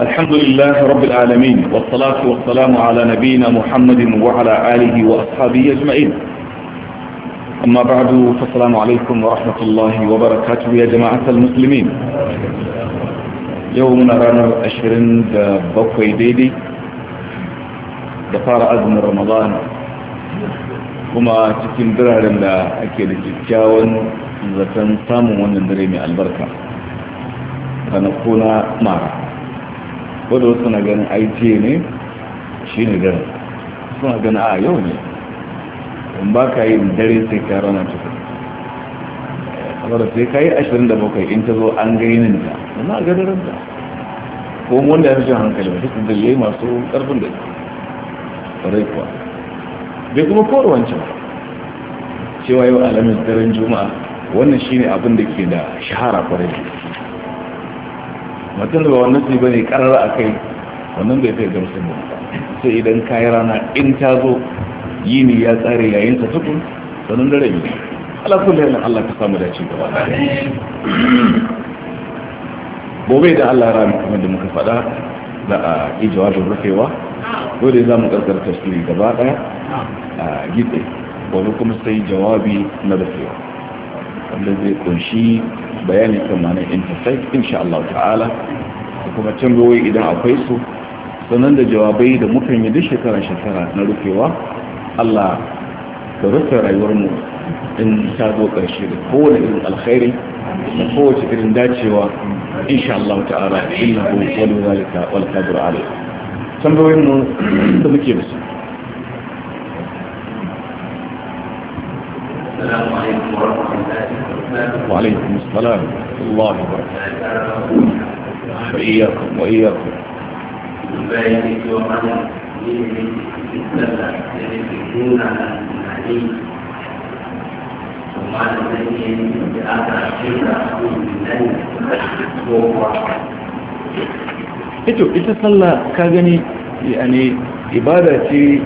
الحمد لله رب العالمين والصلاة والسلام على نبينا محمد وعلى آله وأصحابه أجمعين أما بعد فالسلام عليكم ورحمة الله وبركاته يا جماعة المسلمين يومنا رانا أشرين بوكوي ديدي دفار أزم رمضان وما تكين biraren da ake da kyakkyawan zaton samun البركة فنقونا mai wadda wasu na ganin aiki ne shi ne dare suna ganin a yau ne in ba ka yi dare sai ka rana cikin saboda sai ka yi ashirin da bakwai in ta zo an gainin ta na gadarin ta ko wanda ya fi jan hankali ba cikin yi masu karfin da rai kuwa bai kuma kowar wancan cewa yau alamin daren juma'a wannan shine abin da ke da shahara kwarai mutum da ba wannan su ba ne karara a kai wannan bai kai gamsu ba sai idan kayi rana in ta zo yi ne ya tsare yayin ta tukun sanin dare ne ala kulli halin Allah ka samu dace gaba gobe da Allah rami kamar da muka faɗa za a yi jawabin rufewa dole za mu ƙarƙar tasiri gaba ɗaya a gitse gobe kuma sai jawabi na rufewa wanda zai ƙunshi. bayani kan mana intasai insha Allah ta'ala da kuma tambayoyi idan akwai su sannan da jawabai da mukan yi duk shekara shekara na rufewa Allah ka rufe rayuwar mu in ta zo ƙarshe da kowane irin alkhairi da kowace irin dacewa insha Allah ta'ala innahu wali zalika wal qadru alayh tambayoyin mu da muke da su السلام عليكم ورحمة الله وعليكم السلام الله وبركاته وإياكم وإياكم ito ita sallah ka gani yani ibada ce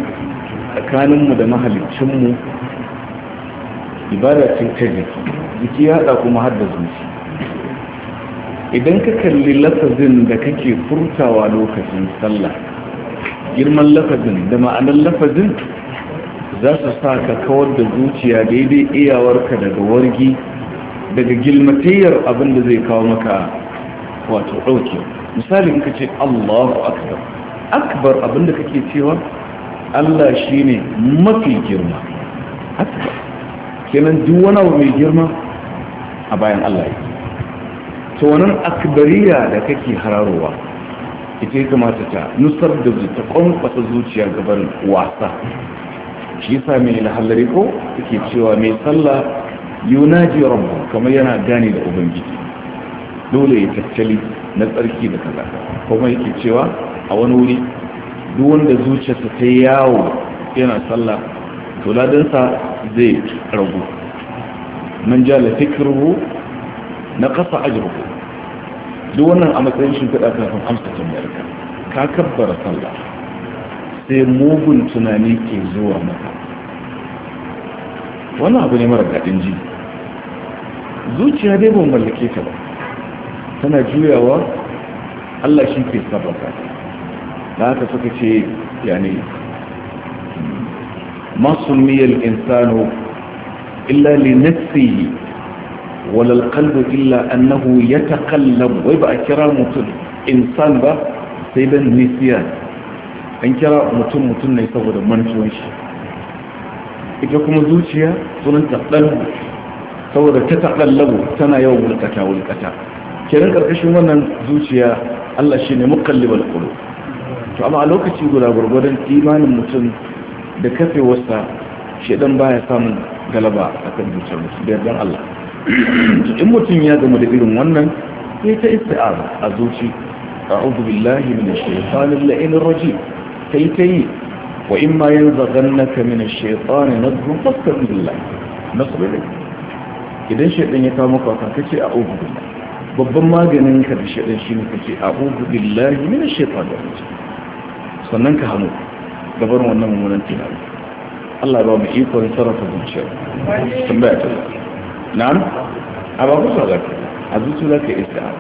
tsakaninmu da mahalicinmu ibada ce ta jiki jiki ya haɗa kuma hada zuci idan ka kalli lafazin da kake furtawa lokacin sallah girman lafazin da ma'anar lafazin za su sa ka kawar da zuciya daidai iyawarka daga wargi daga gilmatiyar abin da zai kawo maka wato ɗauke misali ka ce allahu akbar akbar abin da kake cewa allah shine mafi girma akbar kenan duk wani abu mai girma a bayan Allah yi. to wannan akbariya da kake hararowa ita ya kamata ta nusar da ta kwankwasa zuciya gaban wasa shi yasa mai lahallari ko yake cewa mai sallah yunaji rabbu kamar yana gane da ubangiji dole ya tattali na tsarki da kaza kuma yake cewa a wani wuri duk wanda zuciyarsa ta yawo yana sallah to ladansa zai ragu man jala fikruhu na kasa ajruhu duk wannan a matsayin shi fada kafin amsa tambayar ka ka kabbara sallah sai mugun tunani ke zuwa maka wannan abu ne mara daɗin ji zuciya dai ban mallake ta ba tana juyawa Allah shi ke sabaka da haka suka ce yani masumiyar insano illa li nafsihi wala alqalbu illa annahu yataqallab wai ba a kira mutum insan ba sai dan nisiya an kira mutum mutum ne saboda mantuwan shi ita kuma zuciya sunan taqallu saboda ta taqallabu tana yawan wulkata wulkata kenan karkashin wannan zuciya Allah shine muqallibal qulub to amma a lokaci guda gurgurdan imanin mutum da kafewarsa shedan baya samun galaba a kan zuciyar musu da yardar Allah in mutum ya gama da irin wannan sai ta isti'aza a zuci a a'udhu billahi minash shaitanir la'inir rajim kai yi wa in ma yanzaghannaka minash shaitani nazghun fastaghfir billah nasbir idan shaitan ya kawo maka ka ce a'udhu billahi babban maganin ka da shaitan ne ka ce a'udhu billahi minash da rajim sannan ka hannu. Gabar wannan mummunan tunanin الله يبارك فيك ويصرف بالشيء سمبات الله نعم أبا قصر لك عزيز لك إستعاد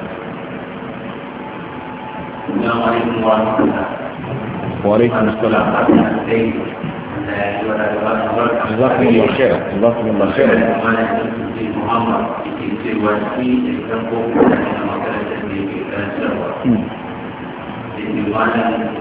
نعم عليكم ورحمة الله وعليكم السلام جزاكم الله خير جزاكم الله خير محمد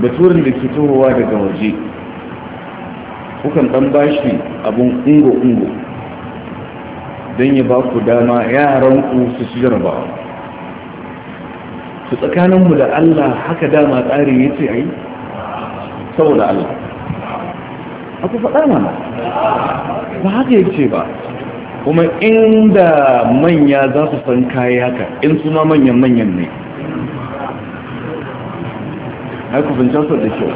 da turin da ke turowa daga waje kukan ɗan bashi abin ungo-ungo don ya ba ku dama yaranku su su jarba su tsakaninmu da allah haka dama tsari ya ce ai saboda allah aku faɗa mana ba haka ya ce ba kuma inda manya za su san kaya haka in suna manyan manyan ne haka bincin da kyau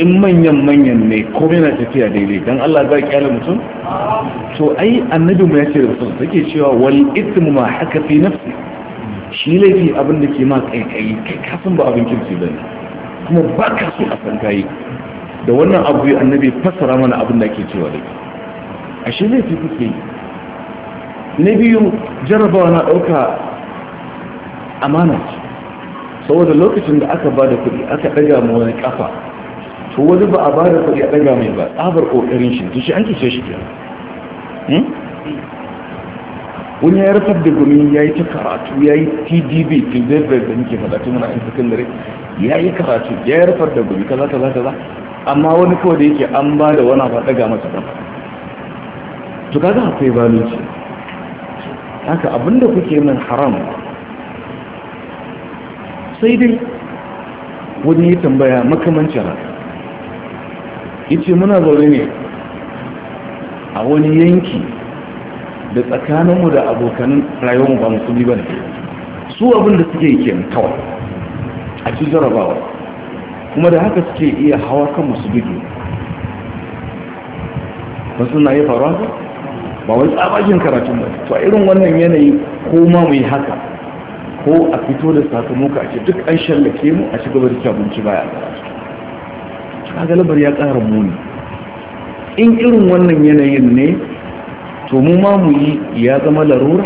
in manyan manyan ne ko na tafiya daidai don Allah zai kyale mutum to ai annabi mu ya ce da mutum take cewa wani itin ma haka fi nafsi shi laifi abin da ke ma kai kafin ba abin kirki bane kuma ba ka su a san kayi da wannan abu yi annabi fasara mana abin da ke cewa laifi shi laifi kuke yi na biyu jarabawa na ɗauka amana ce saboda lokacin da aka ba da kuɗi aka ɗaga ma wani ƙafa to wani ba a ba da kuɗi a ɗaga mai ba tsabar ƙoƙarin shi to shi an kishe shi ke hmm? wani ya rasar da gumi ya yi ta karatu ya yi tdb tilberberg da muke faɗa tun ra'ayin sakandare ya yi karatu ya yi rasar da gumi kaza kaza kaza amma wani kawai da yake an ba da wani fada ɗaga masa kafa to kaga akwai zalunci haka abinda kuke min haram sai dai wani ya tambaya makamancin haka yace muna zaune ne a wani yanki da tsakaninmu da abokanin rayuwarmu ba musulmi ba ne su abin da suke yake kawai a ci jarabawa kuma da haka suke iya hawa kan musu bidiyo ba suna yi faruwa ba wani tsabagen karatun ba to irin wannan yanayi ko ma mu yi haka ko a fito da sakamoka a ce duk an shallake mu a cigaba da abinci baya A galibar ya ƙara muni in irin wannan yanayin ne to mu ma mu yi ya zama larura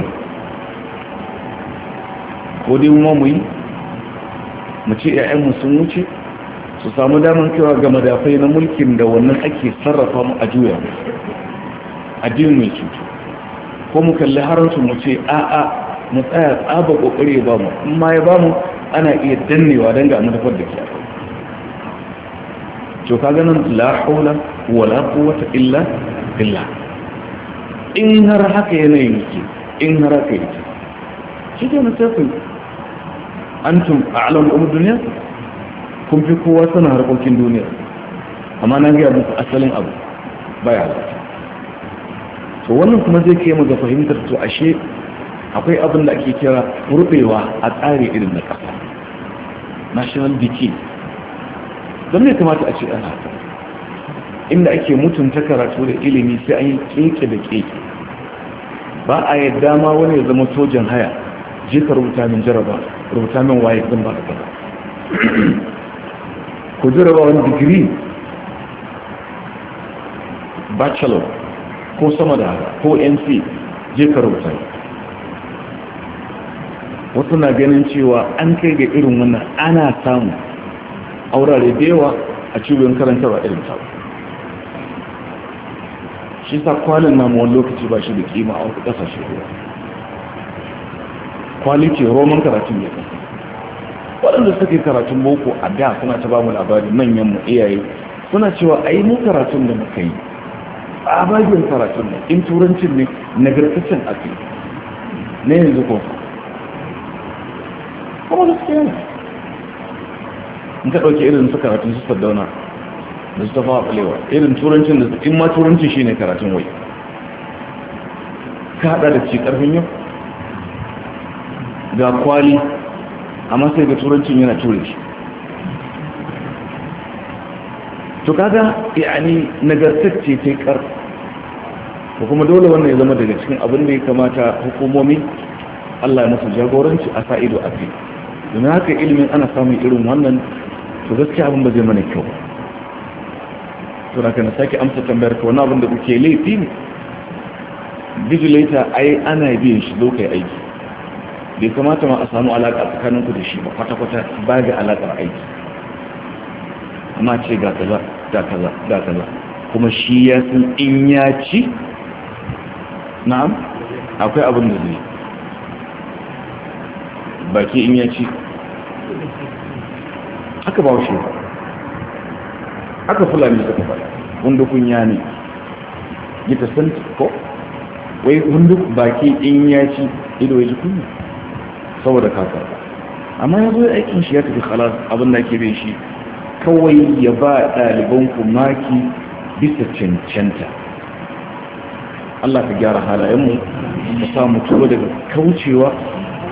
ko dai mu ma mu yi mu ce 'ya'yanmu sun wuce su samu damar kewa ga madafai na mulkin da wannan ake sarrafa mu a juya mai cutu ko mu kalli haransu mu ce a'a mu tsaya tsaba kokari ba bamu in ma ya bamu ana iya dannewa don ga manufar da ke akwai to ka ganin la haula wala quwwata illa billah in har haka yanayin ki in har haka yake shi ke tafi antum a'lamu umur duniya kun fi kowa sanin harkokin duniya amma na gaya muku asalin abu baya to wannan kuma zai kai mu ga fahimtar to ashe akwai abin da ake kira rubewa a tsari irin na ƙasa national decay don ne kamata a ce ana haka inda ake mutunta karatu da ilimi sai an yi keke da keke ba a yi dama wani ya zama sojan haya je ka rubuta min jaraba rubuta min waye zan ba ka ku jaraba wani digiri bachelor ko sama da haka ko nc je ka rubuta wasu na ganin cewa an kai ga irin wannan ana samu aurare da yawa a cibiyar karantarwa irin ta shi sa kwalin na mawar lokaci ba shi da kima a wasu ƙasashe ruwa kwali ce roman karatun ya kasa waɗanda suke karatun boko a da suna ta ba mu labari manyan mu iyaye suna cewa a yi mun karatun da muka yi a bagiyar karatun ne in turancin ne na gargajiyar ake na yanzu kuma kuma gaskiya ne in ka ɗauke irin su karatun su saddauna da su tafawa ɓalewa irin turancin da in ma turancin shi ne karatun wai ka haɗa da ci ƙarfin yau ga kwali amma sai ga turancin yana ture shi to kaga yani nagartacce ta kar ko kuma dole wannan ya zama daga cikin abin da ya kamata hukumomi Allah ya musu jagoranci a sa ido a fi domin haka ilimin ana samun irin wannan to gaske abin ba zai mana kyau to na kana sake amsa tambayar ka wani abin da kuke laifi ne vigilator ai ana biyan shi zo kai aiki bai kamata ma a samu alaƙa tsakanin ku da shi ba kwata-kwata ba ga alaƙar aiki amma ce ga kaza ga kaza ga kaza kuma shi ya san in ya ci na'am akwai abin da zai baki in ya ci haka ba shi ba haka fulani suka faɗa hundukun ya ne gita san ko wai hunduk baki in ya ci ido ya ji kunu saboda kafa amma ya zo aikin shi ya tafi halas abin da ke bai shi kawai ya ba ɗalibanku maki bisa cancanta Allah ka gyara halayenmu ka samu tuwo daga kaucewa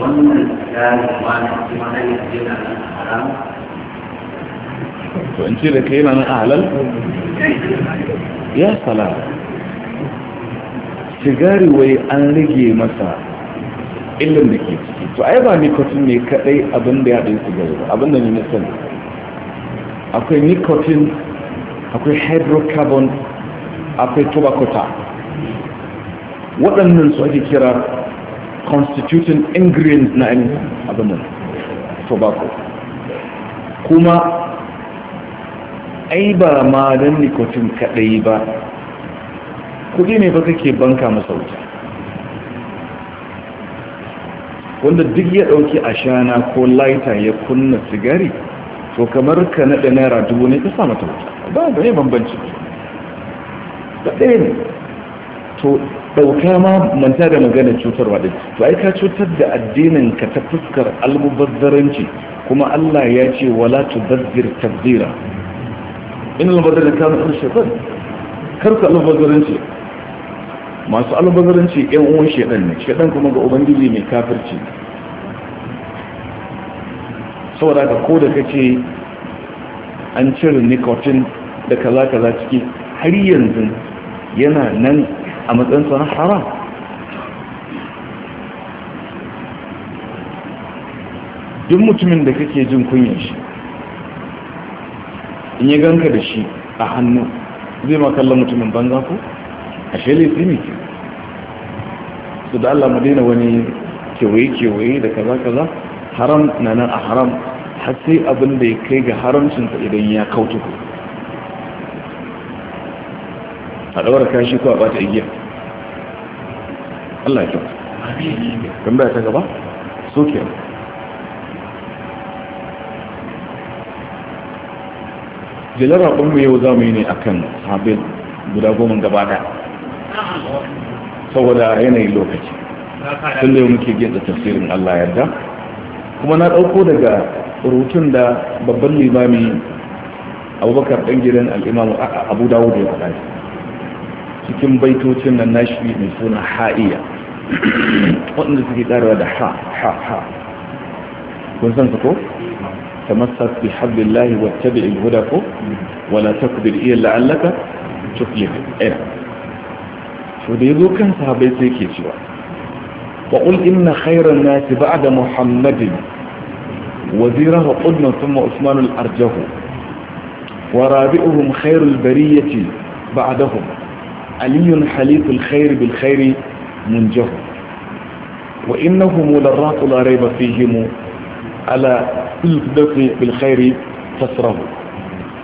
wannan tsarin kwanaki mana yanzu yana nan haram to in ce da kai nan halal ya sala sigari wai an rage masa ilin da ke ciki to ai ba nikotin ne kadai abin da ya ɗin sigari ba abin da ne nisan akwai nikotin akwai hydrocarbon akwai tobacco waɗannan su ake kira constituting ingredients na ainihin abin nan tobacco kuma ai ba ma don nicotine kadai ba kudi ne ba kake banka masa wuta wanda duk ya dauki ashana ko laita ya kunna sigari to kamar ka naɗa naira dubu ne ka sa mata wuta ba da ne bambanci Ba ɗaya ne to ɗauka ma manta da magana cutarwa da to ai ka cutar da addinin ka ta fuskar almubazzaranci kuma Allah ya ce wala tubazzir tabzira in almubazzar ka na shaitan kar ka almubazzaranci masu almubazzaranci ƴan uwan shaitan ne shaitan kuma ga ubangiji mai kafirci saboda ka ko da kace an cire nicotine da kaza kaza ciki har yanzu yana nan a matsayinsu na haram duk mutumin da kake jin kunyar shi in yi ganka da shi a hannu zai makalla mutumin banza ku? a shele tsini ke su da allah madina wani kewaye-kewaye da kaza-kaza haram na nan a haram har sai abin da ya kai ga haramcinsa idan ya kautuku a daura kashi ko a bata igiya Allah ya kyau tambaya ta gaba so ke jilar raƙonmu yau za mu yi ne a kan sabin guda goma gabata saboda yanayin lokaci sun da yi muke gina tafsirin Allah da. kuma na ɗauko daga rutun da babban limami abubakar ɗan gidan al'imamu abu dawo da ya faɗa cikin baitocin nan nashi mai suna ha'iya waɗanda suke ƙarewa da ha ha ha kun san su ko tamassak bi hablillahi wattabi'il huda ko wala takbir iya la'allaka tuflih ina eh. so da yazo kan sahabbai sai ke cewa wa qul inna khayran nasi ba'da muhammadin وزيره قدنا ثم عثمان الأرجه ورابئهم خير البرية بعدهم علي حليف الخير بالخير منجه وإنهم للراق لا ريب فيهم على الفدق بالخير تسره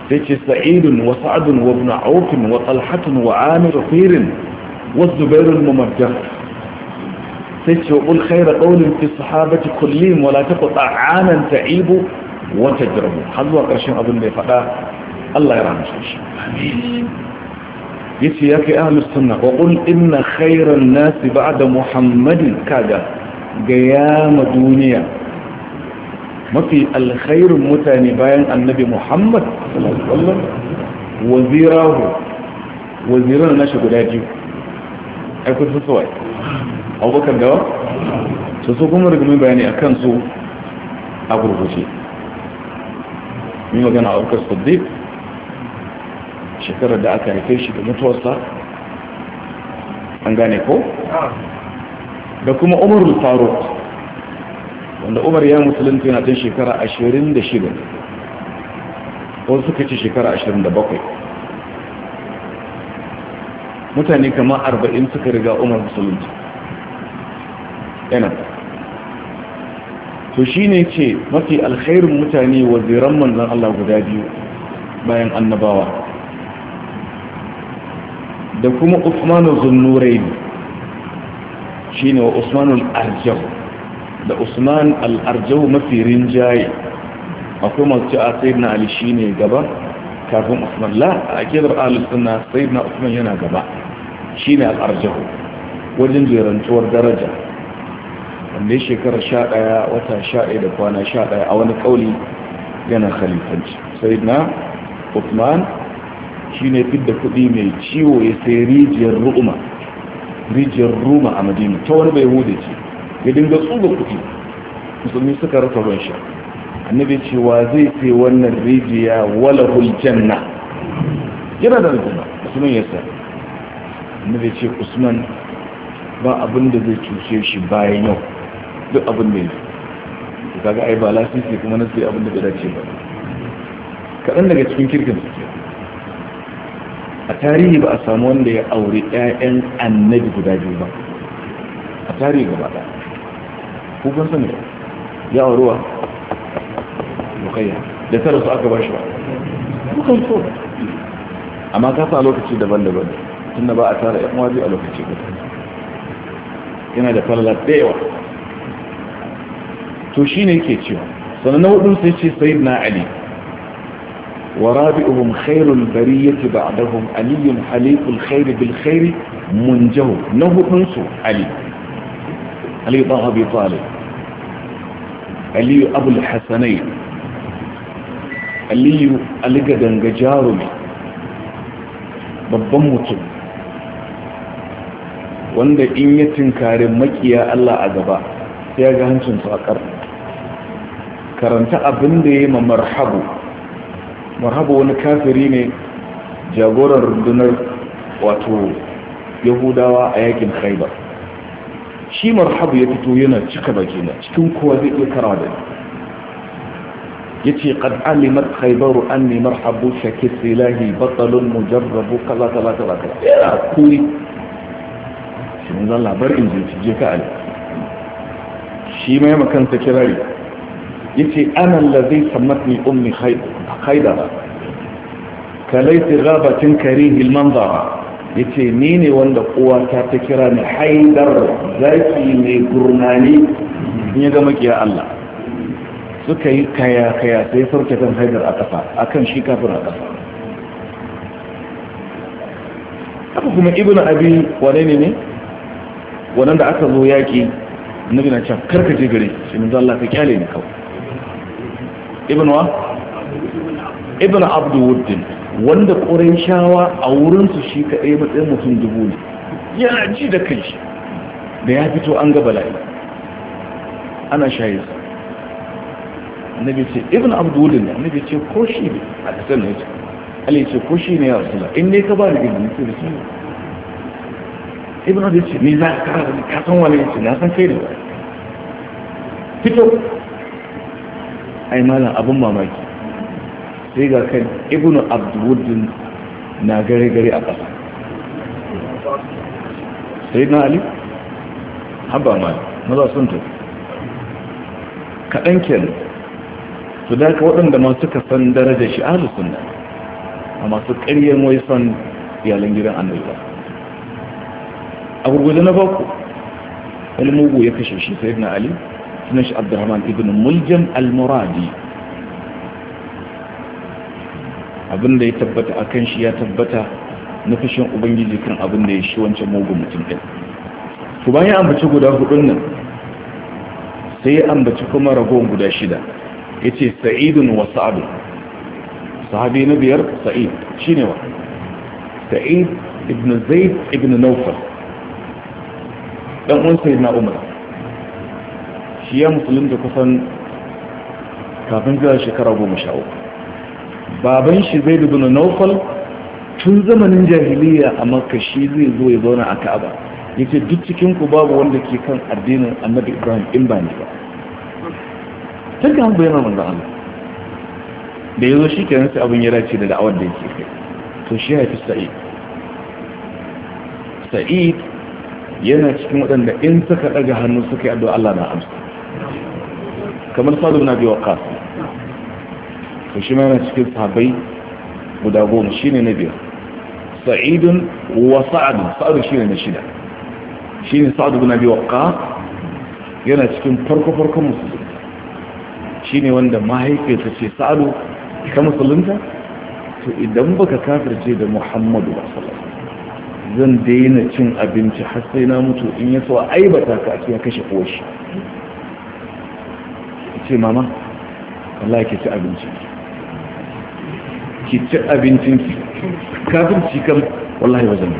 سيك سعيد وسعد وابن عوف وطلحة وعامر خير والزبير الممجه سيك وقل خير قول في الصحابة كلهم ولا تقطع عاما تعيب وتجرب حظوا قرشين أظن لي فقا الله يرحمه شكرا yace ya kai ahlus sunna wa qul inna khayran nas ba'da muhammadin kaga ga yama duniya mafi alkhairun mutane bayan annabi muhammad sallallahu wazirahu waziran nashi guda biyu ai kun so wai abubakar dawa so so kuma rigumin bayani akan su a gurguje ni magana abubakar siddiq shekarar da aka haife shi da mutuwarsa an gane ko? da kuma umarul faruk wanda umar ya musulunta yana tun shekara 26 ko suka ce shekara 27 mutane kama 40 suka riga umar musulunta yana to shi ne ce mafi alkhairun mutane waziran manzan Allah guda biyu bayan annabawa da kuma usmanu zunnuraini shine wa usmanul arjau da usman al-arjau mafi rinjaye akwai masu a sayyidina ali shine gaba kafin usman la a da al-sunna sayyidina usman yana gaba shine al al'arjau wajen jerantuwar daraja wanda shekara sha daya wata sha daya da kwana sha daya a wani kauli yana khalifanci sayyidina usman ne fidda kuɗi mai ciwo ya sai rijiyar ruma rijiyar ruma a madina ta wani bai hude ce ya dinga tsuba kuɗi musulmi suka rasa ruwan sha annabi cewa zai sai wannan rijiya wala na? yana da aljanna usman ya sa annabi ce usman ba abin da zai cuce shi bayan yau duk abin da yake kaga ai ba lasisi kuma na sai abin da bai dace ba kaɗan daga cikin kirkin su a tarihi ba a samu wanda ya aure 'ya'yan annabi guda biyu ba a tarihi gaba ɗaya hukun sani ba ya aurewa bukayya da tara su aka bashi ba hukun so amma ka sa lokaci daban-daban tun da ba a tara 'yan waje a lokaci guda yana da falala da yawa to shi ne yake cewa sannan na hudun sai ce sayid na ali ورابعهم خير البرية بعدهم علي حليف الخير بالخير منجه نهو ننسو علي علي طه أبي طالب علي أبو الحسنين علي ألقدن جارمي babban mutum wanda in ya tinkari makiya Allah a gaba sai ga hancinsu a karanta abin da ya yi ma marhabu marhaba wani kafiri ne jagoran rundunar wato yahudawa a yakin khaibar shi marhaba ya fito yana cika baki na, cikin kowa zai iya karawa da Ya ce yace qad alimat khaybaru anni marhabu shakit ilahi batalun mujarrabu kala kala kala kala yana kuri shi mun zan labarin je je ka ali shi mai makansa kirari yace anan lazai samatni ummi khaydara kalaiti ghabatin karihil manzara yace ni ne wanda uwa ta ta kira ni haidar zaki mai gurnani in ya ga makiya Allah suka yi kaya kaya sai zan haidar a kafa akan shi kafin a kafa haka kuma ibnu abi wane ne wannan da aka zo yaki nabi na can karkace gare shi mun zalla ka kyale ni kawai ibn wa ibn abduwuddin wanda shawa a wurinsu shi kaɗai matsayin mutum dubu ne yana ji da kai shi da ya fito an ga bala'i ana shayi nabi ce ibn abdullin ne nabi ce ko shi ne a kasar na yace ali ce ko shi ne ya rasula in ne ka ba da gidi ce da shi ibn abdullin ce ni za ka kara da kasan wani yace na san kai da ba fito ai malam abin mamaki sai ga kan ibnu abdulwuddin na gare gare a ƙasa sai na ali haba ma maza sun tafi kaɗan kyan su daga waɗanda masu kasan darajar shi ahalu suna a masu ƙaryen wai son iyalan gidan annabi a gurguje na baku wani mugu ya kashe shi sai na ali سنش shi الرحمن ابن ملجم al-muradi abin da ya tabbata a kan shi ya tabbata na fashin ubangiji kan abin da ya shi wancan mugun mutum ɗin su bayan ambaci guda hudun nan sai ya ambaci kuma ragon guda shida ya ce sa'idun wa sa'adun sahabi na biyar sa'id shi ne wa sa'id ibn zaid ibn naufar ɗan unsa na umar shi Musulun da kusan kafin zuwa shekara goma sha uku baban shi zai da na naufal tun zamanin jahiliya a makka shi zai zo ya zauna a ka'aba ya ce duk cikinku babu wanda ke kan addinin annabi ibrahim in ba ni ba tun kan bayyana manzan allah da ya zo shi kenan sai abin ya dace da da'awar da yake kai to shi haifi sa'id sa'id yana cikin waɗanda in suka ɗaga hannu suka yi addu'a allah na amsa kamar sadu na biyu waka to shi ma yana cikin sahabbai guda goma shi ne na biyar sa'idun wa sa'adu sa'adu shi ne na shida shi ne sa'adu na biyu waka yana cikin farko-farkon musulunta shi ne wanda mahaifiyarsa ce sa'adu ka musulunta to idan baka kafirce da muhammadu ba sallallahu zan daina cin abinci har sai na mutu in ya so aibata ka ake cikin kashe koshi ce mama Allah ke ci abinci ki ci abincin kafin kan wallahi wajen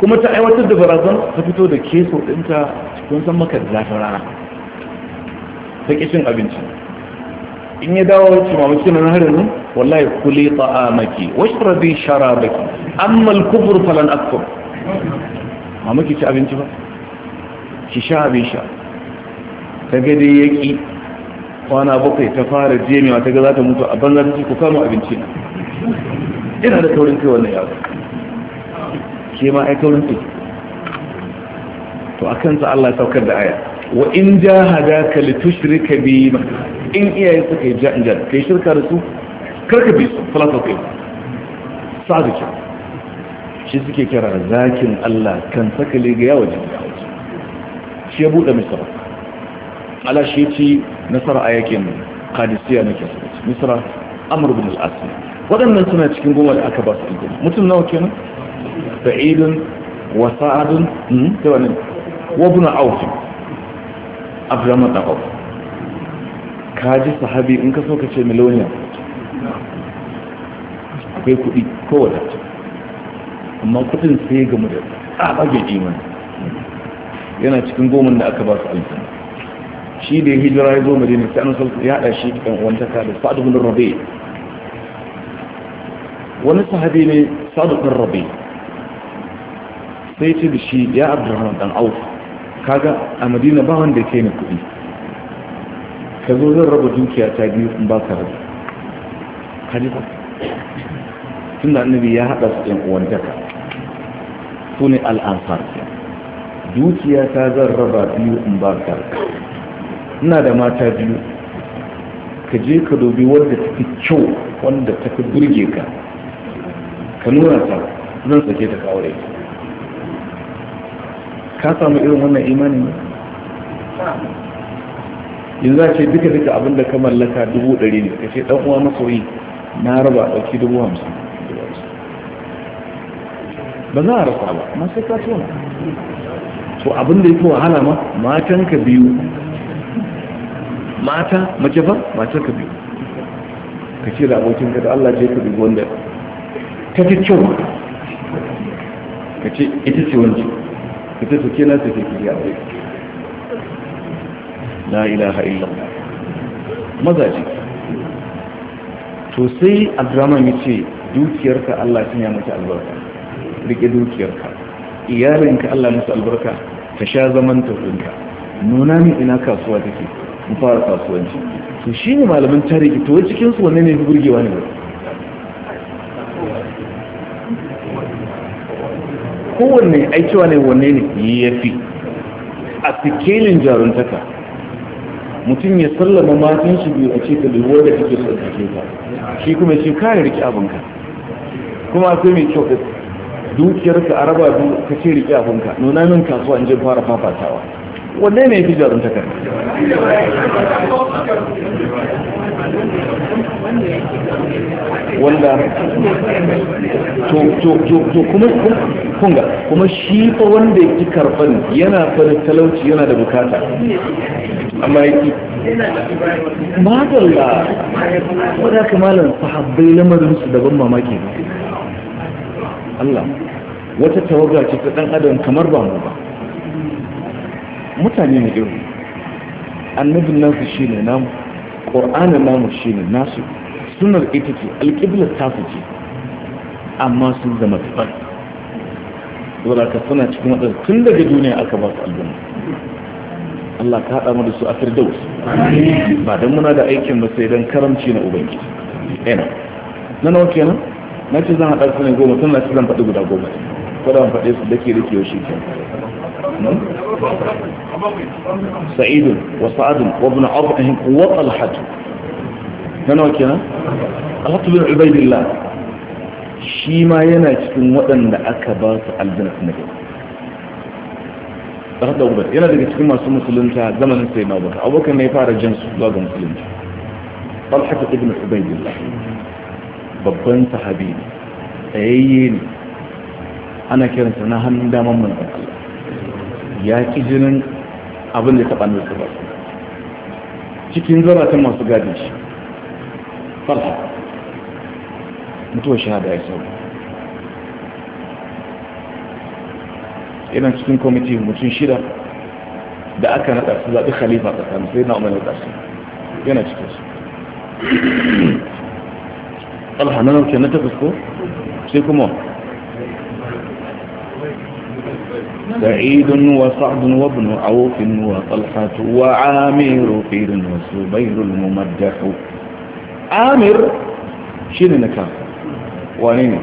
kuma ta aiwatar da barazan ta fito da keso ɗinta cikin san maka da zafin rana ta ƙi cin abinci in ya dawo ci mamu cikin nan harin nan wallahi kuli wasu rabin shara amma al-kufr falon, akfur mama ki ci abinci ba ki sha abin sha ta ga dai yaki kwana bakwai ta fara jemewa ta ga za ta mutu a banza ta ku kama abinci na ina da taurin kai wannan yaro ke ma ai taurin kai to a kansa Allah ya saukar da aya wa in li tushrika bi in iyaye suka yi ja'in ja kai shirka da su karka bi su falata kai sadu ce shi suke kira zakin Allah kan sakali ga yawo jin yawo shi ya buɗe misali alashi ci nasara a yakin kadisiyar na kyan nasara amur bin al'asir waɗannan suna cikin goma da aka ba su ɗin mutum nawa kenan sa'idun wa sa'adun ta hmm? wani wabuna auki abdurrahman ɗan auki ka ji sahabi in ka so ka ce miloniya akwai kuɗi ko amma kuɗin sai gamu da tsabagen imani yana cikin goma da aka ba su ɗin shi da ya hijira ya zo madina sai an sulku ya haɗa shi kan wanta ka da sa'ad bin rabi wani sahabi ne sa'ad bin rabi sai ce da shi ya abdurrahman dan auf kaga a madina ba wanda ke ni kuɗi ka zo zan raba dukiya ta biyu in ba ka rabu kaji ba tun da annabi ya hada su ɗan uwan daga su ne al'ansar dukiya ta zan raba biyu in ba ka rabu ina da mata biyu ka je ka dobi wanda ta fi kyau wanda ta fi burge ka ka nuna ta zan sake ta ka aure ka samu irin wannan imanin ne yanzu za ce duka duka abinda ka mallaka dubu ɗari ne ka ce ɗan uwa masoyi na raba ɗauki dubu hamsin ba za a rasa ba amma sai ka to abin da ya fi wahala ma matanka biyu mata mace ba matar ka biyu ka ce da abokin ka da Allah ce ka biyu wanda ta ce kyau ka ce ita ce wanci Ka ce ke na ta ke kiri a wai la ilaha illallah mazaje sosai a drama mai ce dukiyarka Allah sun ya mace albarka rike dukiyarka iyalinka Allah mace albarka ta sha zaman taurinka nuna min ina kasuwa take mu fara kasuwanci to shi ne malamin tarihi to cikin su wanne ne fi burgewa ne kowanne ai cewa ne wanne ne ya fi a sikelin jaruntaka mutum ya sallama matan shi biyu a cikin liwar da kake so take ka shi kuma shi kare riki abinka kuma akwai mai kyau dukiyarka a raba ka ce riki abinka nuna min kasuwa in je fara fafatawa wanne ne fi jarumta kan wanda to kuma kunga kuma shi fa wanda yake ki karban yana fara talauci yana da bukata amma ya ki madalla wadda kamalan sahabbai lamarin su daban mamaki Allah wata tawaga ce ta dan adam kamar ba mu ba mutane ne irin annabin nasu shi ne namu ƙor'anin namu shi ne nasu sunar ita ce alƙiblar su ce amma sun zama tafar zuwa ka suna cikin waɗanda tun daga duniya aka ba su albuna Allah ka haɗa mada da su a firdaus ba don muna da aikin ba sai don karamci na ubangiji ɗaya na nawa kenan na ce zan haɗa su ne goma tun na ce zan faɗi guda goma ne kodan faɗe su dake da kiyo shi سعيد وسعد وابن عرفهم قوة الحج هنا وكنا الحج بن عبيد الله شيما ينجتم وأن أكبات الجنة النجم da hada ubar yana daga cikin masu musulunta zamanin sai na abubakar abubakar ne ya fara jan su zuwa ga musulunta talhata ibn ubaidillah babban sahabi ne tsayayye ne ana kiransa na hannun daman manzan Allah ya ki jinin abin da ya taɓa da ba cikin zaratan masu gadi shi farha mutuwar shahada ya sau irin cikin kwamiti mutum shida da aka naɗa su zaɓi khalifa tsakanin sai na umar da ƙasa yana cikin su alhannan ke na tafis ko sai kuma سعيد وسعد وابن عوف وطلحة وعامر فير وسبير الممدح عامر شين نكا وانين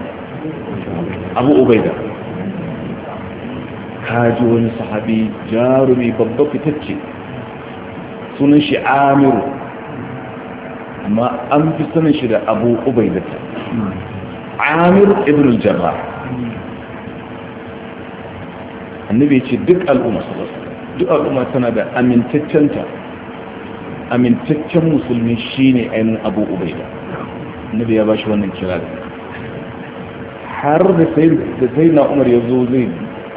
أبو أبيدة kaji wani sahabi jarumi babba fitacce sunan shi amiru amma an fi sanin shi da abu amir annabi ce duk al'umma duk al'umma tana da amintaccenta amintaccen musulmi shine ainihin abu ubaida annabi ya bashi wannan kira da har da sai na umar ya zo zai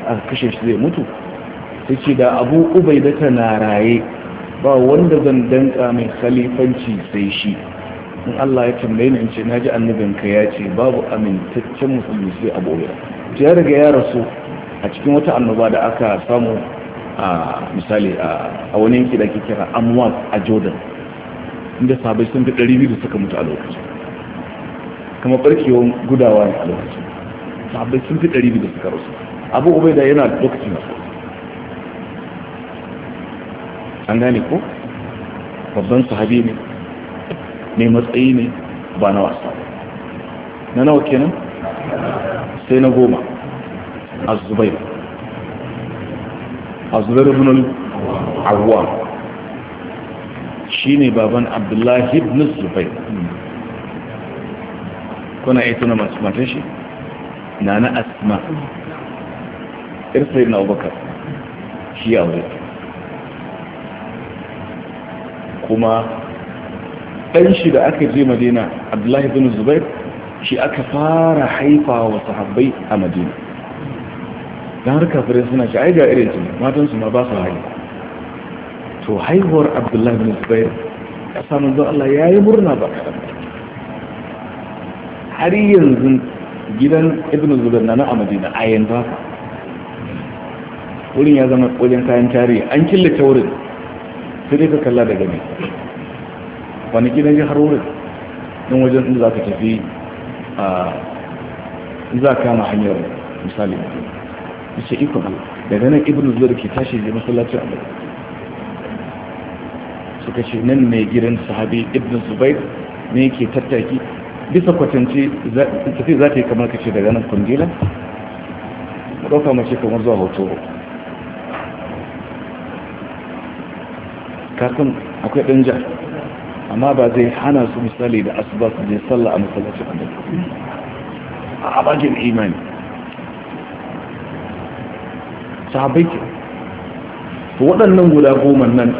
a kashe shi zai mutu ta ce da abu ubaida tana raye ba wanda zan danka mai khalifanci sai shi in Allah ya tambaye ni in ce naji annabinka ya ce babu amintaccen musulmi sai abu ubaida ya riga ya rasu a cikin wata annoba da aka samu a misali a wani yanki da ke kira amwas a jordan inda sabai sun fi 200 suka mutu a lokacin kama barkewar gudawa a lokacin sabai sun fi 200 suka rasu abu obai da yana lokacin masu an gane ko babban sahabi ne ne matsayi ne ba na wasa na nawa kenan sai na goma الزبير الزبير بن العوام شيني بابان عبد الله بن الزبير كنا ايتنا ما اسمعتين شي نانا اسمع ارسل ابن ابو بكر شي اولي كما ɗan shi da aka je madina abdullahi bin zubair shi aka fara haifa wa sahabbai a madina don har kafirai suna shi ai ga irin su matansu ma ba su haihu to haihuwar abdullahi bin zubair A samun zuwa Allah ya yi murna ba kaɗan har yanzu gidan ibn zubair na a madina a yanzu haka wurin ya zama wajen kayan tarihi an killace wurin sai dai ka kalla daga gani wani gidan ji har wurin don wajen inda za ka tafi a za ka kama hanyar misali mutum ce ikon Allah daga nan ibnu zubair ke tashi je masallacin Allah suka ce nan mai gidan sahabi Ibn zubai ne ke tattaki bisa kwatance tafi za ta yi kamar kace daga nan kungila Ɗauka dauka mace kamar zuwa hoto kasan akwai ɗan ja amma ba zai hana su misali da asuba su je sallah a masallacin annabi a abajin imani sahabbai ke to waɗannan guda goma nan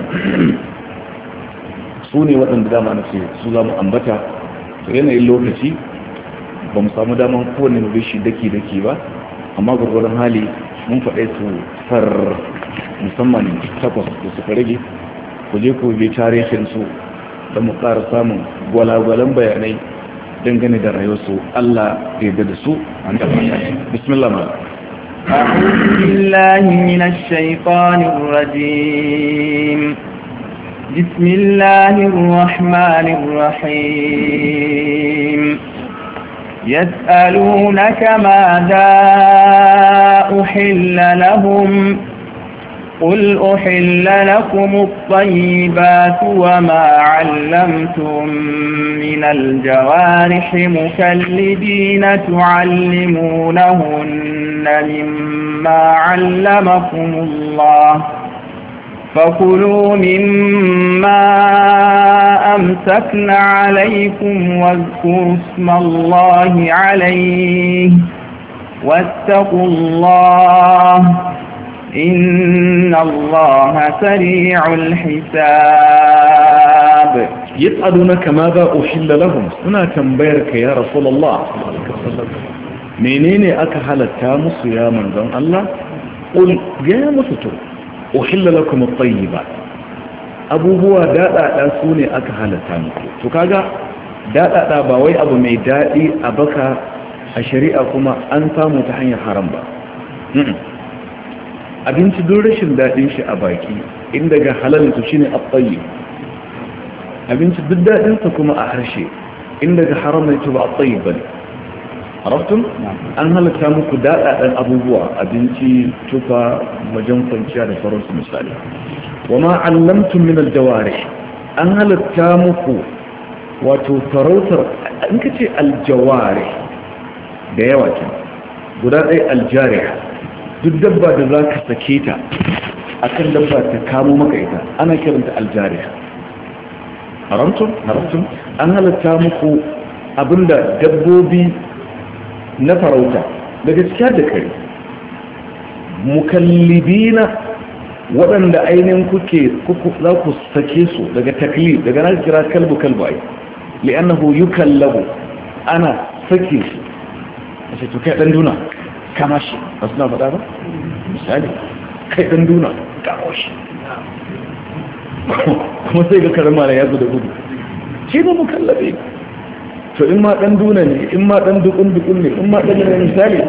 su ne waɗanda dama na ce su za mu ambata to yanayin lokaci ba mu samu daman kowane mu shi daki-daki ba amma gwargwaron hali mun faɗa su far musamman takwas da suka rage ku je ku bi tarihinsu da mu ƙara samun gwalagwalan bayanai dangane da su Allah ya da su an bismillah أعوذ بالله من الشيطان الرجيم بسم الله الرحمن الرحيم يسألونك ماذا أحل لهم قل أحل لكم الطيبات وما علمتم من الجوارح مكلبين تعلمونهن مما علمكم الله فكلوا مما أمسكن عليكم واذكروا اسم الله عليه واتقوا الله إن الله سريع الحساب يسألون كما ذا أحل لهم هنا كم بيرك يا رسول الله منين أكهل التامس يا من ذن الله قل يا مستر أحل لكم الطيبات abubuwa buwa daɗaɗa su aka halatta muku to kaga daɗaɗa ba wai abu mai daɗi a baka a shari'a kuma an samu ta hanyar haram abinci duk rashin daɗin shi a baki in daga halal shi ne a tayyib abinci duk daɗin sa kuma a harshe in daga ba a to ba ne tayyib bane arabtum an halatta muku daɗaɗen abubuwa abinci tufa wajen kwanciya da sauransu misali wa wama allamtum min al-jawarih an halatta muku wato farautar in ka ce jawarih da yawa kenan guda ɗaya aljariya. duk dabba da za ka sake ta a kan dabba ta kamo maka ita ana kiranta aljariya haramtun haramtun an halatta muku abinda dabbobi na farauta daga cikin da kare mukallibina waɗanda ainihin kuke za ku sake su daga takli daga na kira kalbu kalbu ai li'annahu yukallabu ana sake su a ce kai duna kama shi ba suna faɗa ba misali kai ɗan duna kama shi kuma sai ga karama da yazo da gudu shi ba mukallafi to in ma ɗan duna ne in ma ɗan dukun dukun ne in ma ɗan duna misali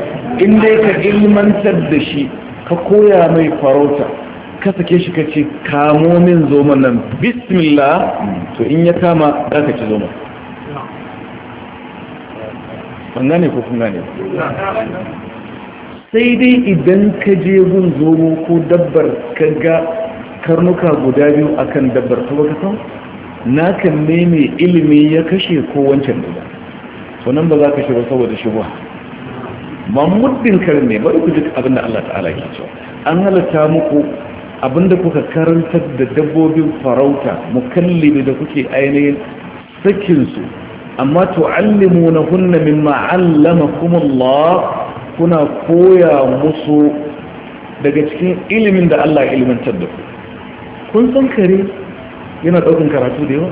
in dai ka ilmantar da shi ka koya mai farauta ka sake shi ka ce kamo min zoma nan bismillah to in ya kama za ka ci zoma ban gane ko kun gane sai dai idan ka je gun zomo ko dabbar kaga karnuka guda biyu akan dabbar ta baka san na kan neme ilimi ya kashe ko wancan guda to nan ba za ka shiga saboda shigo ba muddin karin ne duk duk abin da Allah ta'ala ke ce an halatta muku abinda kuka karantar da dabbobin farauta mukallibi da kuke ainihin sakinsu amma tu'allimuna hunna mimma allamakum Allah kuna koya musu daga cikin ilimin da Allah ya ilimantar da ku kun san kare yana ɗaukan karatu da yawa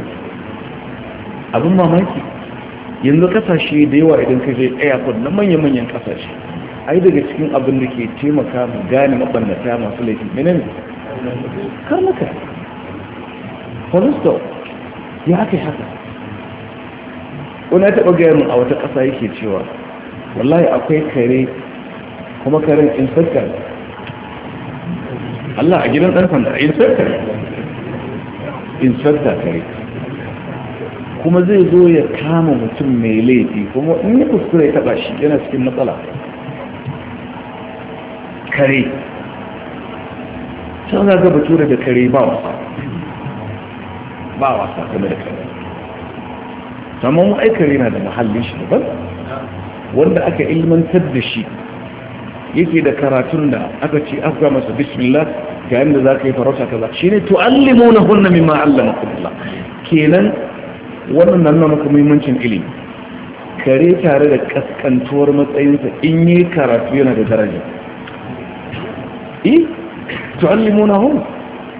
abin mamaki yanzu kasashe da yawa idan ka je airport na manya-manyan kasashe ai daga cikin abin da ke taimaka mu gane mabannata masu laifi menene karnuka polisto ya kai haka wani ya taɓa gaya mun a wata ƙasa yake cewa wallahi akwai kare kuma karen inspector Allah a gidan ɗan sanda inspector inspector kare kuma zai zo ya kama mutum mai laifi kuma in ya kuskure ya taɓa shi yana cikin matsala kare can za ga bature da kare ba wasa ba wasa kuma da kare amma mu aikari na da muhallin shi daban wanda aka ilmantar da shi yake da karatun da aka ce afga masa bismillah ga yadda za ka yi farauta kaza shi ne tu'allimu na hunna mimma allama kullum kenan wannan nan nuna kuma muhimmancin ilimi kare tare da kaskantuwar matsayinsa in yi karatu yana da daraja i tu'allimu na hun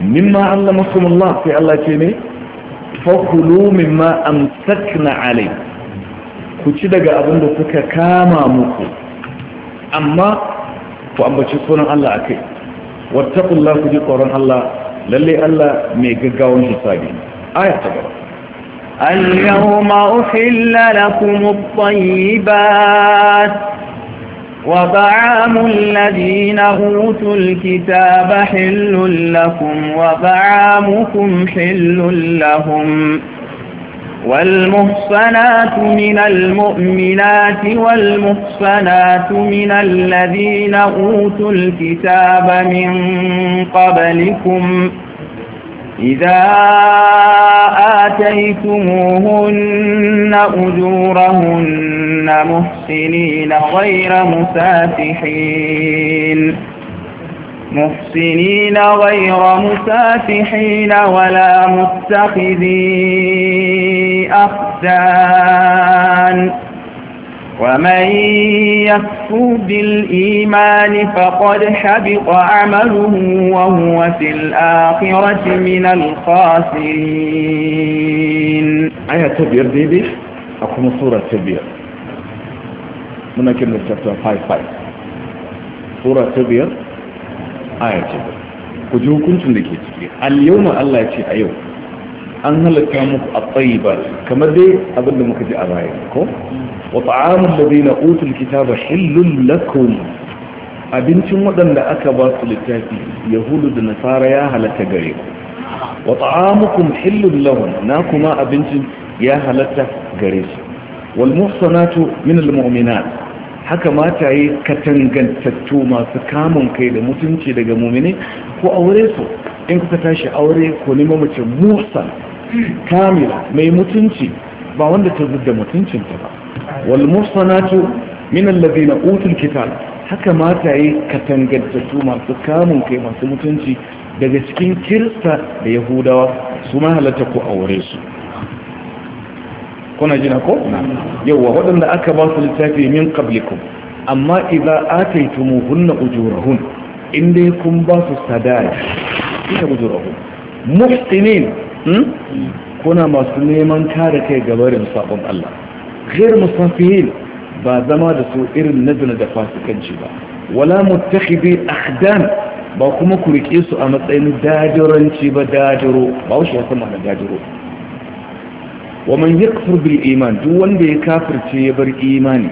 mimma allama kullum sai Allah ce ne fakulu mimma amsakna alai ku ci daga abin da suka kama muku amma ku ambaci sunan Allah a kai wattakullah ku ji tsoron Allah lalle Allah mai gaggawan hisabi aya ta gaba اليوم أحل لكم الطيبات وطعام الذين أوتوا الكتاب حل لكم وطعامكم حل لهم والمحصنات من المؤمنات والمحصنات من الذين أوتوا الكتاب من قبلكم إذا آتيتموهن أجورهن محسنين غير مسافحين محسنين غير مسافحين ولا متخذين أخزان ومن يكفر بالإيمان فقد حبط عمله وهو في الآخرة من الخاسرين آية تبير دي دي أقوم سورة تبير من كلمة chapter 5-5 سورة تبير آية تبير ku ji hukuncin da ke ciki al yau an halatta muku a ba. kamar dai abinda muka ji a baya ko wa ta'amun da bai na utul kitaba hillun lakum abincin waɗanda aka ba su littafi yahudu da nasara ya halatta gare ku wa ta'amukum hillun lahum na kuma abincin ya halatta gare su wal muhsanatu min al mu'minat haka mata yi katangantattu masu kamun kai da mutunci daga mumini ko aure su in kuka tashi aure ko nima mace musa kamila mai mutunci ba wanda ta zudda mutuncinta ba wal muhsanatu min alladhina utul kitab haka mataye su masu kamun kai masu mutunci daga cikin kirista da yahudawa su ma halatta ku aure su kuna jina ko yawa waɗanda aka ba su littafi min qablikum amma idza ataytumuhunna ujurahun inda kun ba su sadaqi ita ujurahun muhsinin Hmm? kuna masu neman kare kai gabarin sabon Allah ghair musafihin ba zama da su irin nazina da fasikanci ba wala muttakhidi ahdan ba kuma ku rike su a matsayin dajiranci ba dajiro ba wuce ya sama da dajiro wa man yakfur bil iman duk wanda ya kafirce ya bar imani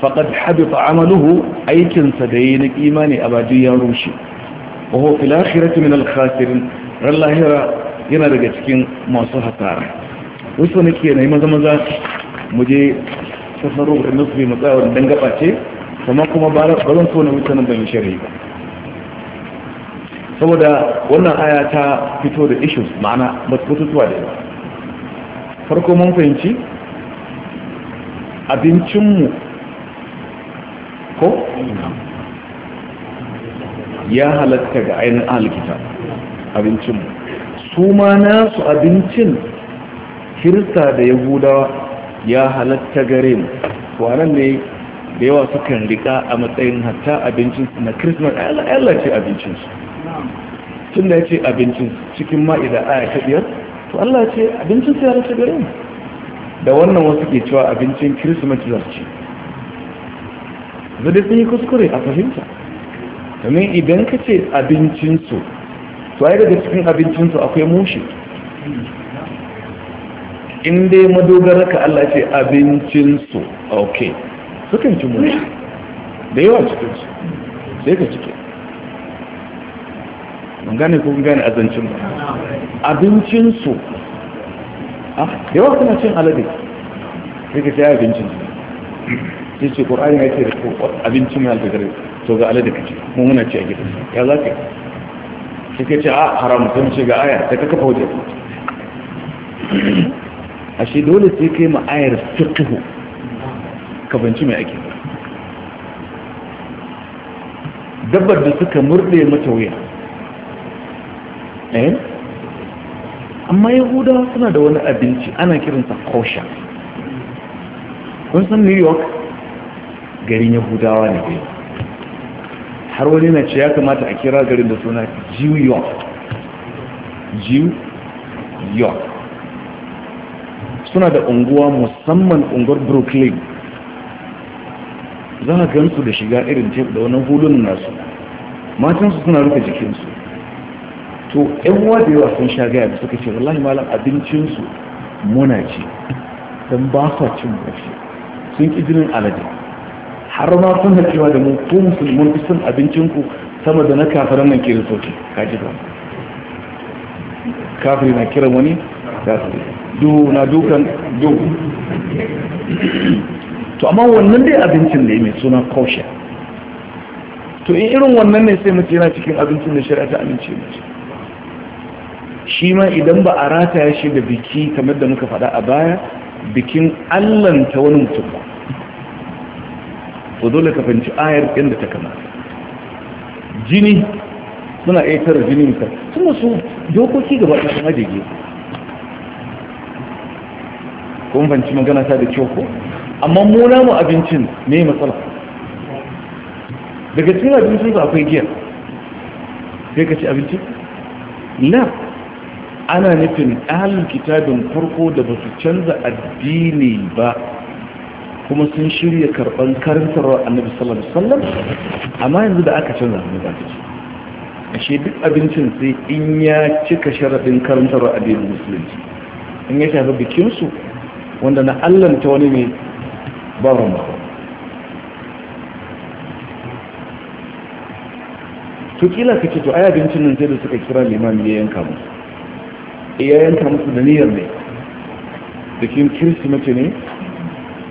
faqad habita amaluhu aikin sa da yayin imani abadi ya rushe wa huwa fil akhirati min al khasirin lahira yana daga cikin masu hasara wasu ne ke na maza-maza mu je sassaro da nufi bai matsawar don gaba ce kuma kuma ba zan so na mutanen ban shari'a ba saboda wannan aya ta fito da issues ma'ana ba su kututuwa da yawa farko mun fahimci abincinmu ko ya halatta ga ainihin alkita abincinmu su ma nasu abincin kirista da yahudawa ya halatta gare mu wannan ne da yawa sukan rika a matsayin hatta abincin na christmas allah ce abincinsu tun da ya ce abincinsu cikin ma'ida a ya biyar to allah ce abincinsu ya halatta gare mu da wannan wasu ke cewa abincin christmas zarci zai sun yi kuskure a fahimta domin idan ka ce abincinsu to ai daga cikin abincinsu akwai mushi in dai madogara ka Allah ce abincinsu ok sukan ci mushi da yawa cikinsu sai ka cike mun gane ko gane azancin ba abincinsu ah yawa kuna cin alade sai ka sai abincinsu sai ce ƙorani ya ce da abincin mai alfagar to ga alade ka ce mummuna muna ci a gidan ya za ka yi sai ka ce a ah, haram sun ce ga aya ta kafa waje a shi dole sai kai ma ayar fiqhu ka banci mai ake dabbar da suka murde mata wuya eh amma yahudawa suna da wani abinci ana kiransa kosha kun san new york garin yahudawa ne biyu har wani na ce ya kamata a kira garin da suna jiw york jiw york suna da unguwa musamman unguwar brooklyn za a gansu da shiga irin teku da wani hulun nasu matansu suna rufe jikinsu to yan da yawa sun sha gaya da suka ce wallahi malam abincinsu muna ce don ba sa cin bashi sun ƙi jinin alade har ma sun cewa da mu ku musulmun fi son abincinku sama da na kafirin nan Ka kaji ba kafiri na kiran wani kafiri duhu na dukan du to amma wannan dai abincin da ya mai suna kosher to in irin wannan ne sai mace yana cikin abincin da shari'a ta amince mace shi ma idan ba a rataya shi da biki kamar da muka faɗa a baya bikin allanta wani mutum ba to dole ka fahimci ayar yadda ta kama jini suna iya tara jini muka suna su dokoki gaba ɗaya kuma da gefe kun fahimci magana ta da kyau ko amma mu namu abincin ne matsala daga cikin abincin su akwai giya sai ka ci abinci na ana nufin ɗalin kitabin farko da ba su canza addini ba kuma sun shirya karɓar karantarwar annabi sallallahu alaihi wasallam amma yanzu da aka canza ne ba ashe duk abincin sai in ya cika sharadin a addinin musulunci in ya shafi bikin su wanda na ta wani ne ba ba to kila kace to ai abincin nan sai da suka kira liman ne yanka musu iya eh, yanka musu da niyyar ne bikin kirsimeti ne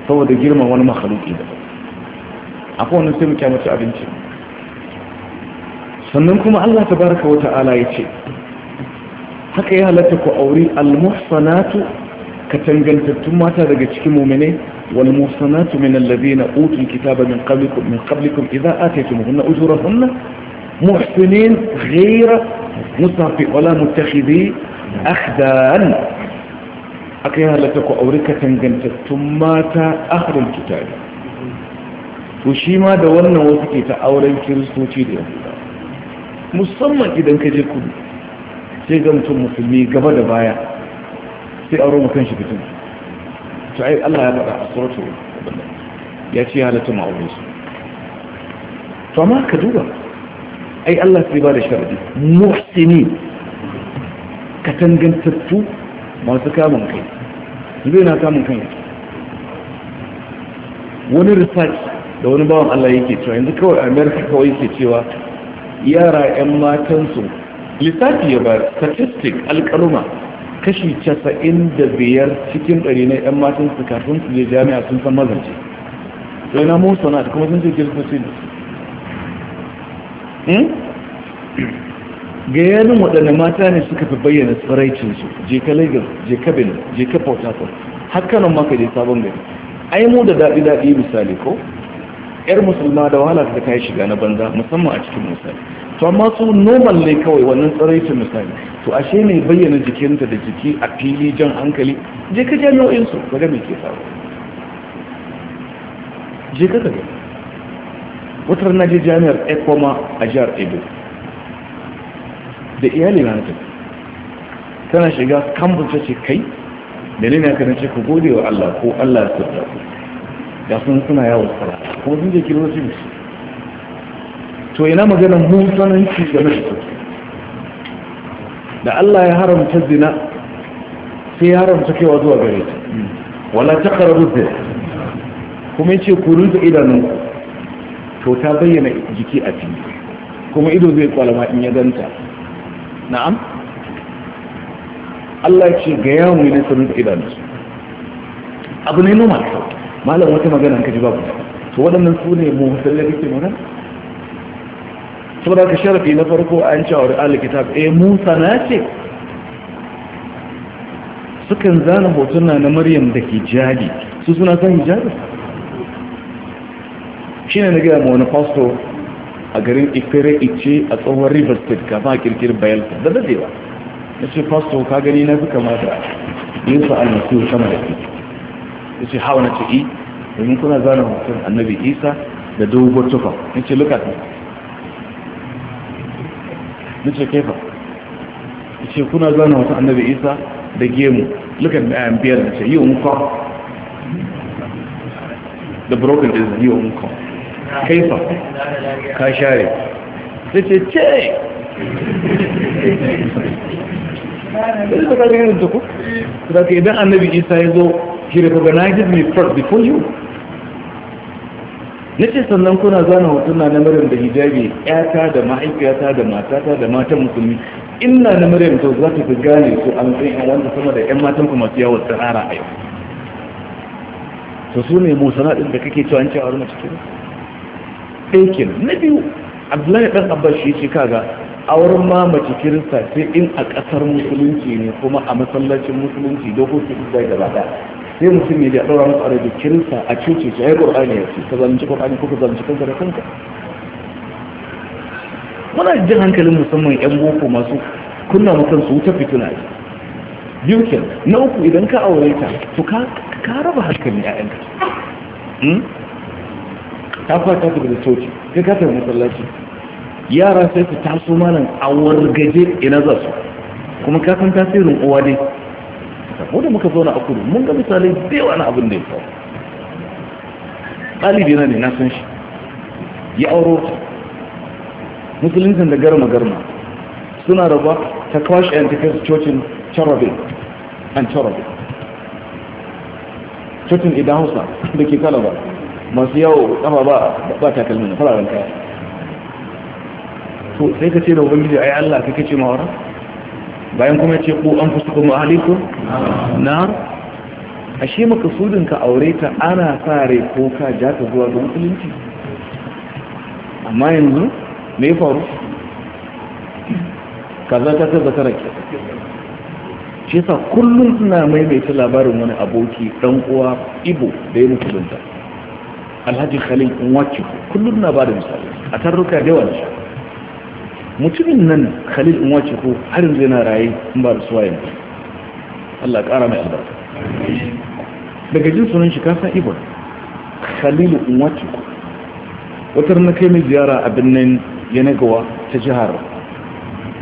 saboda girman wani makhaluki da akwai wani sai muke kyamaci abinci sannan kuma Allah ta baraka wata ala ya ce haka ya halatta ku auri almuhsanatu ka tangantattun mata daga cikin muminai والمحصنات من الذين أوتوا الكتاب من قبلكم, من قبلكم إذا آتيتمهن ujurahunna muhsinin ghayra متنفق wala متخذي akhdan aka yi halatta ku aure katangantattun mata ahlul kitabi to shi ma da wannan wasu ke ta auren kiristoci da yahuda musamman idan ka je kudu sai ga mutum musulmi gaba da baya sai auren mutum shi fitin to ai Allah ya faɗa a suratul ya ce halatta ma aure su to amma ka duba ai Allah sai ba da sharadi muhsini katangantattu masu kamun kai zai na samun kan wani research da wani bawan Allah yake cewa yanzu kawai america kawai yake cewa yara 'yan matansu lissafi ya ba statistic alkaluma kashi 95 cikin ɗari na 'yan matansu kafin su je jami'a sun san mazance sai na musa na kuma sun ce kirkusi ne ga yanin waɗanda mata ne suka fi bayyana tsiraicinsu je ka lagos je ka benin je ka port harcourt hakanan maka je sabon gari ai mu da daɗi daɗi misali ko yar musulma da wahala ta kai shiga na banza musamman a cikin misali to amma su normal ne kawai wannan tsiraicin misali to ashe ne bayyana jikinta da jiki a fili jan hankali je ka jami'o'in su ga me ke faru je ka ga wata na je jami'ar ekoma a jihar edo da iyali na tafi tana shiga kan ta ce kai da haka na ce ku gode wa Allah ko Allah ya kuta ku da sun suna yawo tsara kuma sun je kilomita musu to ina maganar mutananci ci da su da Allah ya haramta zina sai ya haramta kewa zuwa gare ta wala ta zai. kuma ya ce ku rufe idanunku to ta bayyana jiki a fili kuma ido zai kwalama in ya ganta na'am Allah ce ga yawon ne su rinka su. abu ne normal malam wata magana ka ji babu Su waɗannan su ne mu musallar da ke su saboda ka sharafi na farko an cewa ala kitab eh musa na ce sukan zana hotuna na maryam da ke jari su suna yi hijabi shi ne na gaya ma wani pastor a garin ikere ice a tsohon river state kafin a kirkir bayelsa da dadewa ya ce pastor ka gani na fi kama da yinsa almasiru sama da ita ya ce hawa na ce i eh. domin kuna zana hoton annabi isa da dubu tufa ya ce look at me ce kefa ya ce kuna zana hoton annabi isa da gemu look at me i am biyar na ce yi unkwa the broken is yi unkwa kaifa ka share ta ce ce ɗin da ƙarfi yanzu da ku da ka idan annabi isa ya zo he recognizes me first before you na ce sannan kuna zana hotuna na maryam da hijabi ƴata da mahaifiyata da matata da matan musulmi ina na maryam to za ta fi gane su an tsaye yan wanda sama da ƴan matan kuma su yawon tsara a yau to su ne musana ɗin da kake cewa an ce a wani cikin ɗaya na biyu abdullahi ɗan abbas shi ce kaga auren ma mace kirista sai in a ƙasar musulunci ne kuma a masallacin musulunci dokoki da gaba sai mutum ya ɗaura masa arabi kirista a cuce shi ai ƙur'ani ya ce ka zalunci ƙur'ani ko ka zalunci kanka da kanka muna jin hankalin musamman yan boko masu kunna mutum su wuta fituna ne biyu na uku idan ka aure ta to ka raba hankalin 'ya'yanka hmm? ta fara ta tafi da coci sai ka da masallaci yara sai su taso malam a wargaje ina za su kuma ka san tasirin uwa dai mu da muka zauna a kudu mun ga misalai da yawa na abin da ya kawo. ɗalibi na ne na san shi ya auro musulunci da garma garma suna raba ta kwashe yan tafiya cocin charabin an charabin cocin idan hausa da ke kalaba masu yawo kafa ba ba takalmi na fara kaya to sai ka ce da ubangiji ai Allah kake ce mawara bayan kuma ce ku an fusu kuma ahaliku na ashe makasudin ka aure ta ana sa rai ko ka ja ta zuwa ga musulunci amma yanzu me faru kaza ta ta zakara ke ce sa kullum suna maimaita labarin wani aboki dan uwa ibo da ya musulunta alhaji khalil in wacce kullum na ba da misali a tarruka da yawan mutumin nan khalil in wacce ko har yanzu yana raye in ba da suwa yanzu Allah ƙara mai albarka daga jin sunan shi kasa ibo khalil in wacce ko watar na kai mai ziyara a birnin yanagawa ta jihar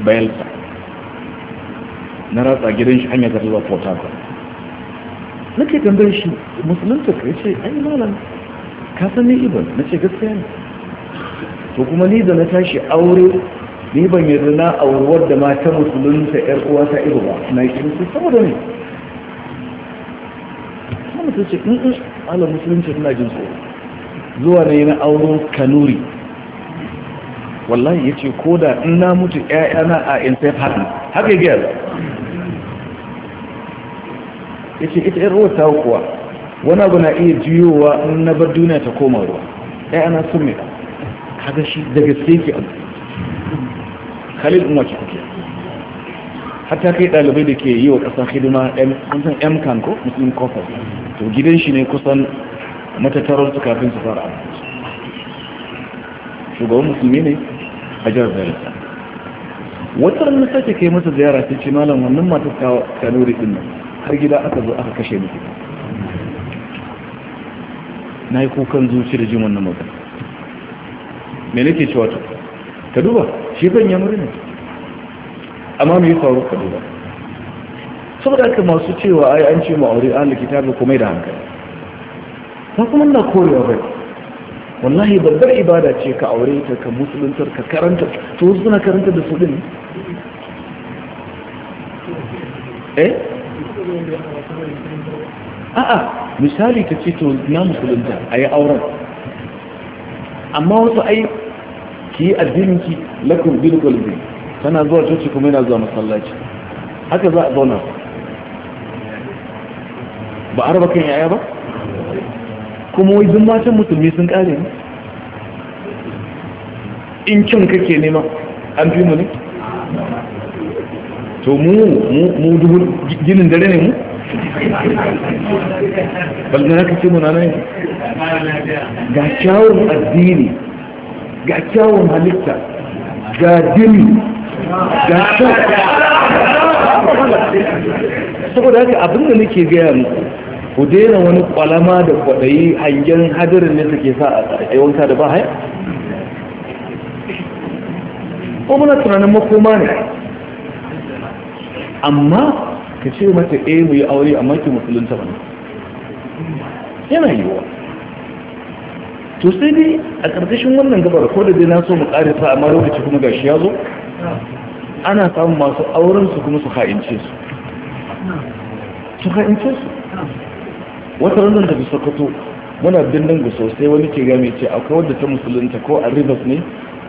bayelsa na ratsa gidan shi hanyar da zuwa port harcourt nake tambayar shi musulunta ka ce ai malam ka san ni iban na ce gaskiya ne to kuma ni da na tashi aure ni ban yarda na aurewar da mata musulunta yar uwa ta ido ba na yi sai saboda ne kuma ta ce in mm, mm, ala musulunci tana jin tsoro zuwa ne na auro kanuri wallahi ya ce ko da in na mutu ƴaƴana a insefan, haka yi gaya ya ce ita yar uwa ta kuwa wani abu na iya juyowa na bar duniya ta koma ruwa ya ana sun mai kaga shi daga gaske a abu khalil in wace kuke hatta kai dalibai da ke yi wa ƙasa hidima an san 'yan kanko muslim kofar to gidan shi ne kusan matattarar su kafin su fara abu shugaban musulmi ne a jihar bayelsa wata ranar sake kai masa ziyara ta ce malam wannan matattawa kanuri din nan har gida aka zo aka kashe mutum na yi kukan zuci da jin na magana me nake cewa to ta duba shi ban ya murna amma me yi faru ka duba saboda haka masu cewa ai an ce mu aure an likita ba kuma da hankali ta kuma na korewa bai wallahi babbar ibada ce ka aure ta ka musuluntar ka karanta to suna karanta da su din eh a'a misali ta ce to na musulunta a yi auren amma wasu ai ki yi addininki lakon bin kwalbi tana zuwa coci kuma yana zuwa masallaci haka za a zauna ba a raba kan yaya ba kuma wai zun matan musulmi sun kare ne in kin kake nema an fi mu ne to mu mu dubu ginin dare ne mu balgana ka ce muna nan ga kyawun addini ga kyawun halitta ga dini ga saboda haka abinda nake gaya muku ku daina wani kwalama da kwaɗayi hangen hadirin ne suke sa a aiwanta da ba haya ko muna tunanin makoma ne amma ka ce mata eh mu yi aure amma ki musulunta ba yana yiwuwa to sai dai a ƙarƙashin wannan gabar ko da dai na so mu ƙarisa amma lokaci kuma gashi ya zo ana samun masu auren su kuma su ha'ince su su ha'ince su wata ranar da sokoto muna bindin ga sosai wani ke gami ce akwai wadda ta musulunta ko a rivers ne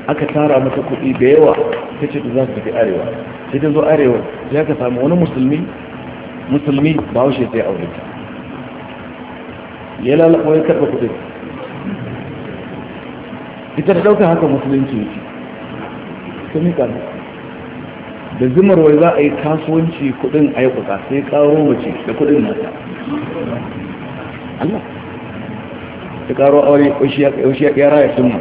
aka tara mata kuɗi da yawa ta ce za su tafi arewa sai ta zo arewa ya ka samu wani musulmi musulmi ba haushe sai aure ta ya lalaba ya karɓa kuɗi. ita ta ɗauka haka musulunci yake ta miƙa da zimar wai za a yi kasuwanci kuɗin a yi kuka sai ƙaro mace da kuɗin nasa. Allah ta ƙaro aure yaushe ya raya sun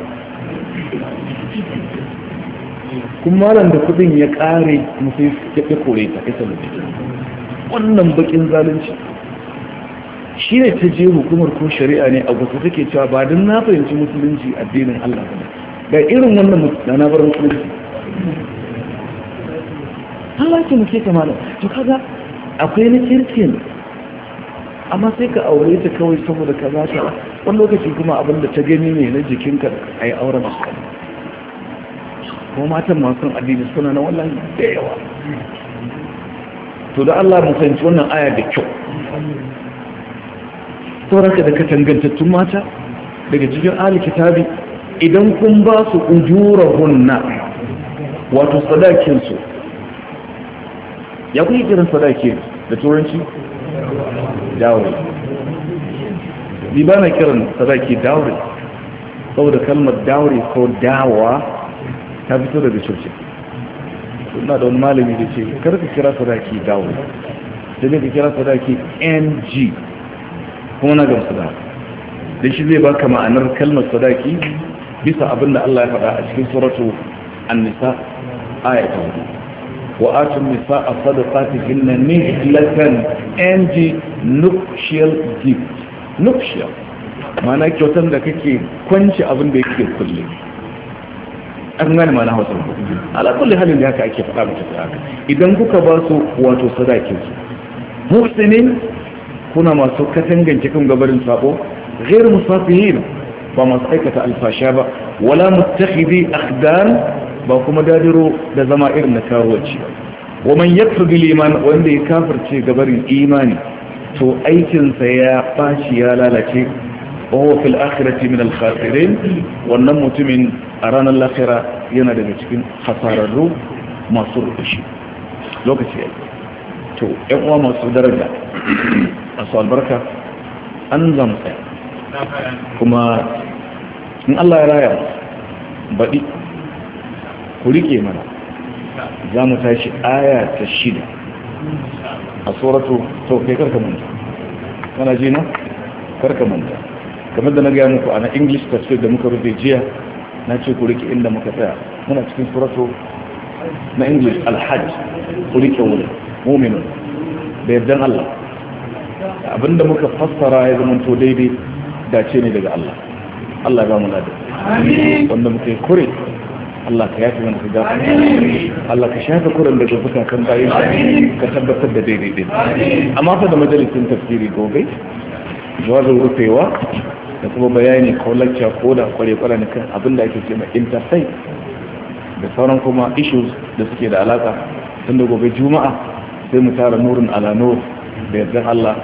kuma malam da kudin ya kare musu ya kore ta ita da wannan bakin zalunci shi ne ta je hukumar ko shari'a ne a gusa take cewa ba don na fahimci musulunci addinin Allah ba ga irin wannan na na bar musulunci Allah ce muke Malam? to kaga akwai na kirkin amma sai ka aure ta kawai saboda ka za ta wani lokaci kuma abin da ta gani ne na jikinka a yi auren su kuma matan masu addini suna na wannan da yawa to da Allah mu fahimci wannan aya da kyau sauraka da katangantattun mata daga cikin ahli kitabi idan kun ba su ujurahunna wato sadakin su ya kuyi kiran sadaki da turanci dawri ni ba na kiran sadaki dawri saboda kalmar dawri ko dawa ta fito daga coci suna da wani malami da ce ka kira sadaki dawo sai ne ka kira sadaki ng kuma na gamsu da da shi zai baka ma'anar kalmar sadaki bisa abin da Allah ya faɗa a cikin suratu annisa nisa hudu wa atu nisa a sadaqati hinna nihlatan ng nuptial gift nuptial ma'ana kyautar da kake kwanci abin da yake kulle an gane mana hausa ala kulli halin da haka ake faɗa mutu da haka idan kuka ba su wato sadakin su muhsinin kuna masu katangance kan gabarin sabo ghairu musafihin ba masu aikata alfasha ba wala muttakhidi akhdan ba kuma dadiro da zama irin na karuwaci wa man yakfur bil iman wanda ya kafirce gabarin imani to aikinsa ya bashi ya lalace wa huwa fil akhirati min al khasirin wannan mutumin a ranar lafira yana daga cikin hasararru masu rukushi lokaci ya to yan uwa masu daraja a su albarka an zamsa kuma in allah ya raya baɗi ku rike mana za mu tashi aya ta shida a tsoratu to kai karka manta kana ji na karka manta kamar da na gaya muku ana english tafsir da muka rufe jiya na ce ku rike inda muka tsaya muna cikin suratu na english alhaj ku rike wuri muminu da yardan allah abinda muka fassara ya zama to daidai dace ne daga allah allah ya ba mu lada wanda muka yi kure Allah ka yafi mana shiga Allah ka shafe kuran da zufuka kan bayan ka tabbatar da daidai din amma fa da majalisin tafsiri gobe jawabin rufewa da kuma bayani ko lacca ko da kware-kware na kan abin da ake ce mai da sauran kuma issues da suke da alaka tun da gobe juma'a sai mu tara nurin ala nur da yadda Allah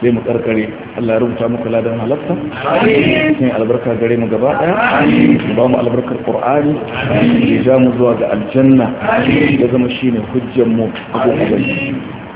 sai mu karkare Allah ya rubuta muku ladan halatta amin albarka gare mu gaba daya amin ba mu albarkar qur'ani amin ya ja mu zuwa ga aljanna ya zama shine hujjar mu abu